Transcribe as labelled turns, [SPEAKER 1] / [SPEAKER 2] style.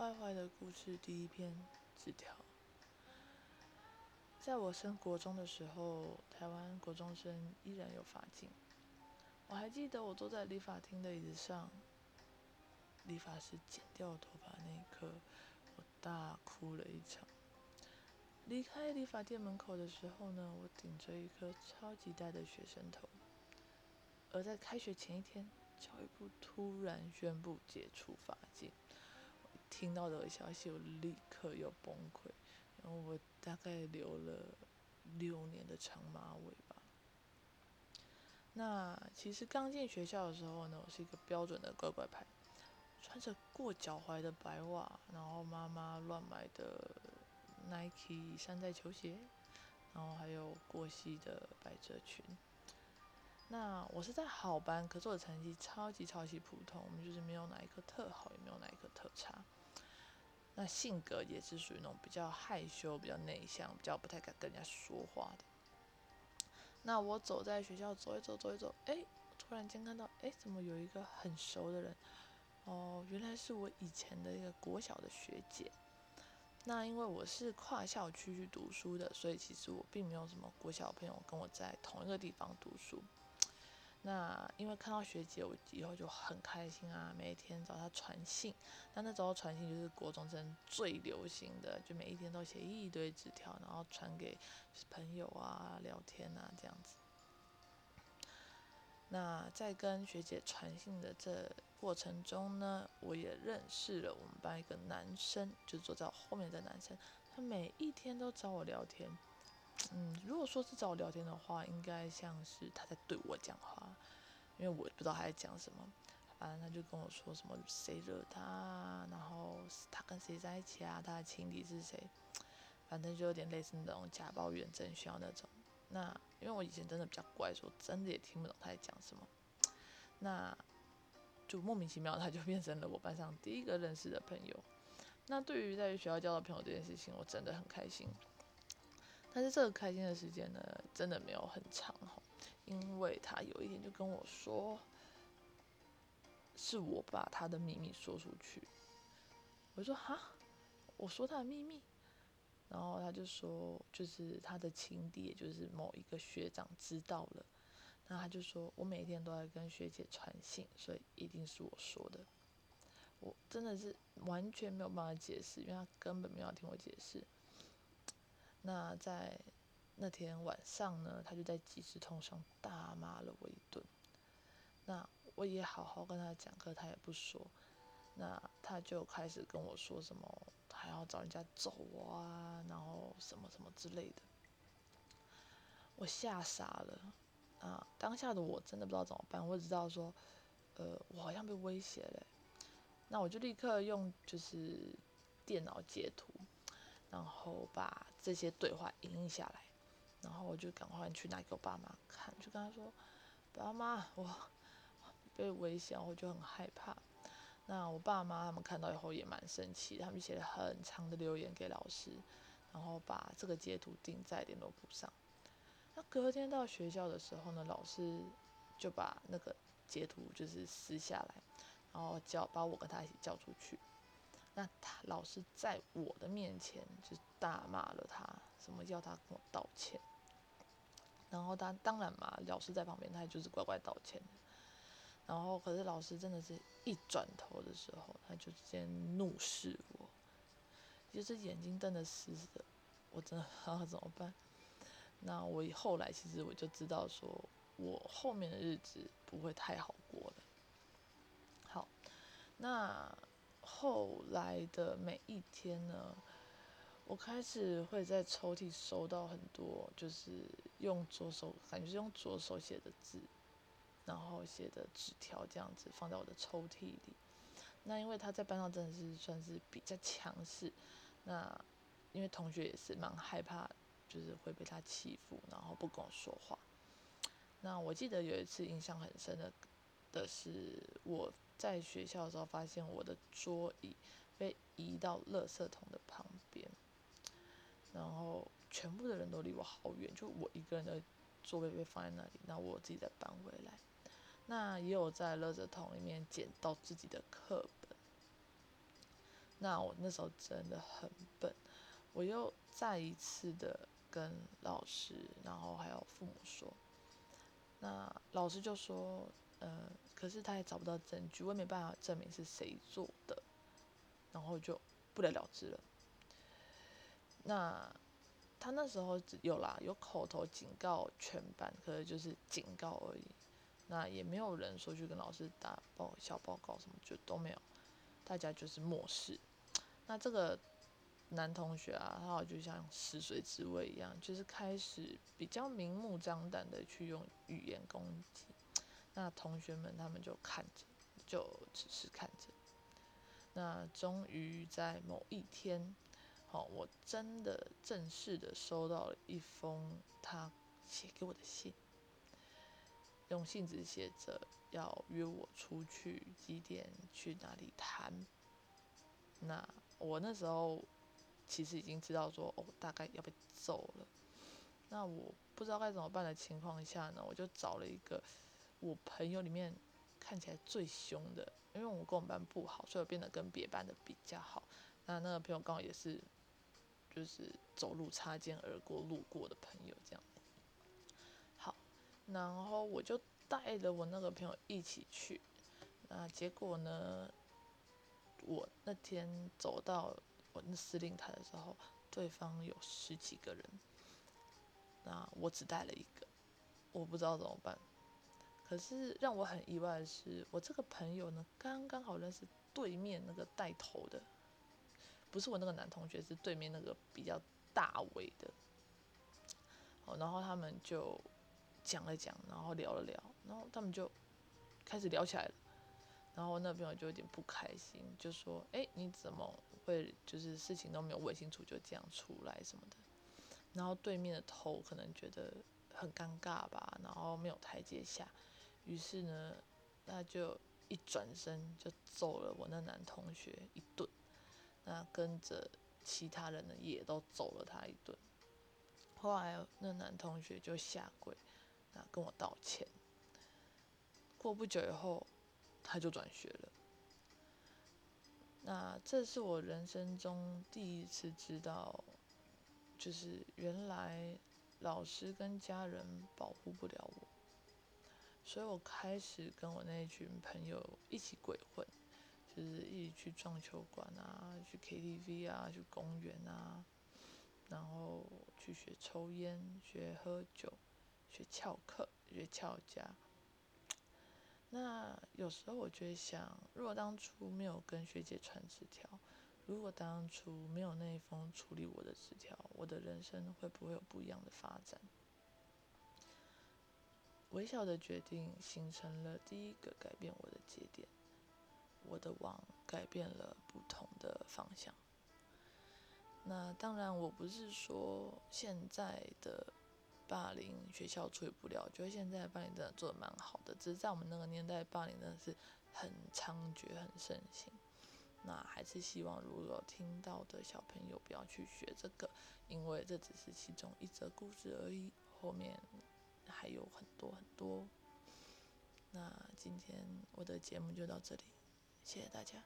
[SPEAKER 1] 壞壞的故事第一篇紙條。在我升國中的時候，台灣國中生依然有髮禁，我還記得我坐在理髮廳的椅子上，理髮師剪掉頭髮那一刻，我大哭了一場。離開理髮店門口的時候呢，我頂着一顆超級大的學生頭。而在開學前一天，教育部突然宣布解除髮禁。聽到的消息，我立刻又崩潰。然後我大概留了六年的長馬尾吧。那其實剛進學校的時候呢，我是一個標準的乖乖牌，穿着過腳踝的白襪，然後媽媽亂買的 Nike 山寨球鞋，然後還有過膝的百褶裙。那我是在好班，可是我成績超級超級普通，我們就是沒有哪一科特好，也沒有哪一科特差。那性格也是屬於那種比較害羞、比較內向、比較不太敢跟人家說話的。那我走在學校走一走走一走，哎、欸，突然間看到，哎、欸，怎麼有一個很熟的人？哦，原來是我以前的一個國小的學姐。那因為我是跨校區去讀書的，所以其實我並沒有什麼國小朋友跟我在同一個地方讀書。那因為看到學姐，我以後就很開心啊，每一天找她傳信。但那，那時候傳信就是國中生最流行的，就每一天都寫一堆紙條，然後傳給朋友啊、聊天啊這樣子。那在跟學姐傳信的這過程中呢，我也認識了我們班一個男生，就坐在我後面的男生，他每一天都找我聊天。嗯，如果說是找我聊天的話，應該像是他在對我講話，因為我也不知道他在講什麼，反正他就跟我說什麼誰惹他，然後他跟誰在一起啊，他的情敵是誰，反正就有點類似那種假抱怨真需要那種。那因為我以前真的比較乖，所以我真的也聽不懂他在講什麼，那就莫名其妙他就變成了我班上第一個認識的朋友。那對於在學校交到朋友這件事情，我真的很開心。但是這個開心的時間呢，真的沒有很長吼，因為他有一天就跟我說，是我把他的秘密說出去。我就說哈，我說他的秘密，然後他就說，就是他的情敵，就是某一個學長知道了，那他就說我每天都在跟學姐傳信，所以一定是我說的。我真的是完全沒有辦法解釋，因為他根本沒有辦法聽我解釋。那在那天晚上呢，他就在即時通上大罵了我一頓。那我也好好跟他講課，他也不說。那他就開始跟我說什麼，還要找人家揍我啊，然後什麼什麼之類的。我嚇傻了啊！那當下的我真的不知道怎麼辦，我只知道說，呃，我好像被威脅了。那我就立刻用就是電腦截圖。然後把這些對話影印下來，然後我就趕快去拿給我爸媽看，就跟他說：“爸媽，我，我被威脅，我就很害怕。”那我爸媽他們看到以後也蠻生氣，他們寫了很長的留言給老師，然後把這個截圖釘在聯絡簿上。那隔天到學校的時候呢，老師就把那個截圖就是撕下來，然後叫把我跟他一起叫出去。那他老師在我的面前就大罵了他，什麼要他跟我道歉。然後他當然嘛，老師在旁邊，他也就是乖乖道歉。然後可是老師真的是一轉頭的時候，他就直接怒視我，就是眼睛瞪得死死的。我真的不知道怎麼辦。那我以後來其實我就知道說，說我後面的日子不會太好過了。好，那。後來的每一天呢，我開始會在抽屜收到很多，就是用左手，感覺是用左手寫的字，然後寫的紙條這樣子放在我的抽屜裡。那因為他在班上真的是算是比較強勢，那因為同學也是蠻害怕，就是會被他欺負，然後不跟我說話。那我記得有一次印象很深的的是我。在學校的時候，發現我的桌椅被移到垃圾桶的旁邊，然後全部的人都離我好遠，就我一個人的座位被放在那裡，那我自己再搬回來。那也有在垃圾桶裡面撿到自己的課本，那我那時候真的很笨，我又再一次的跟老師，然後還有父母說，那老師就說，嗯、呃。可是他也找不到證據，我也沒辦法證明是誰做的，然後就不了了之了。那他那時候有啦，有口頭警告全班，可是就是警告而已。那也沒有人說去跟老師打報小報告什麼，就都沒有，大家就是漠視。那這個男同學啊，他好像就像食髓知味一樣，就是開始比較明目張膽的去用語言攻擊。那同學們，他們就看着，就只是看着。那終於在某一天，好、哦，我真的正式的收到了一封他寫給我的信，用信紙寫着要約我出去，幾點去哪裡談。那我那時候其實已經知道說，哦，大概要被揍了。那我不知道該怎麼辦的情況下呢，我就找了一個，我朋友裡面看起來最兇的，因為我跟我們班不好，所以我變得跟別班的比較好。那那個朋友剛好也是，就是走路擦肩而過路過的朋友這樣。好，然後我就帶了我那個朋友一起去。那結果呢，我那天走到我那司令台的時候，對方有十幾個人，那我只帶了一個，我不知道怎麼辦。可是讓我很意外的是，我這個朋友呢，剛剛好認識對面那個帶頭的，不是我那個男同學，是對面那個比較大尾的。哦，然後他們就講了講，然後聊了聊，然後他們就開始聊起來了。然後那朋友就有點不開心，就說：“哎，欸，你怎麼會就是事情都沒有問清楚就這樣出來什麼的？”然後對面的頭可能覺得很尷尬吧，然後沒有台階下。於是呢，他就一轉身就揍了我那男同學一頓，那跟着其他人呢也都揍了他一頓。後來那男同學就下跪，那跟我道歉。過不久以後，他就轉學了。那這是我人生中第一次知道，就是原來老師跟家人保護不了我。所以我開始跟我那群朋友一起鬼混，就是一起去撞球館啊，去 KTV 啊，去公園啊，然後去學抽煙、學喝酒、學翹課、學翹家。那有時候我就會想，如果當初沒有跟學姐傳紙條，如果當初沒有那一封處理我的紙條，我的人生會不會有不一樣的發展？微小的決定形成了第一個改變我的節點，我的網改變了不同的方向。那當然，我不是說現在的霸凌學校處理不了，我覺得現在的霸凌真的做得蠻好的。只是在我們那個年代，霸凌真的是很猖獗、很盛行。那還是希望，如果聽到的小朋友不要去學這個，因為這只是其中一則故事而已。後面。還有很多很多，那今天我的節目就到這裡，謝謝大家。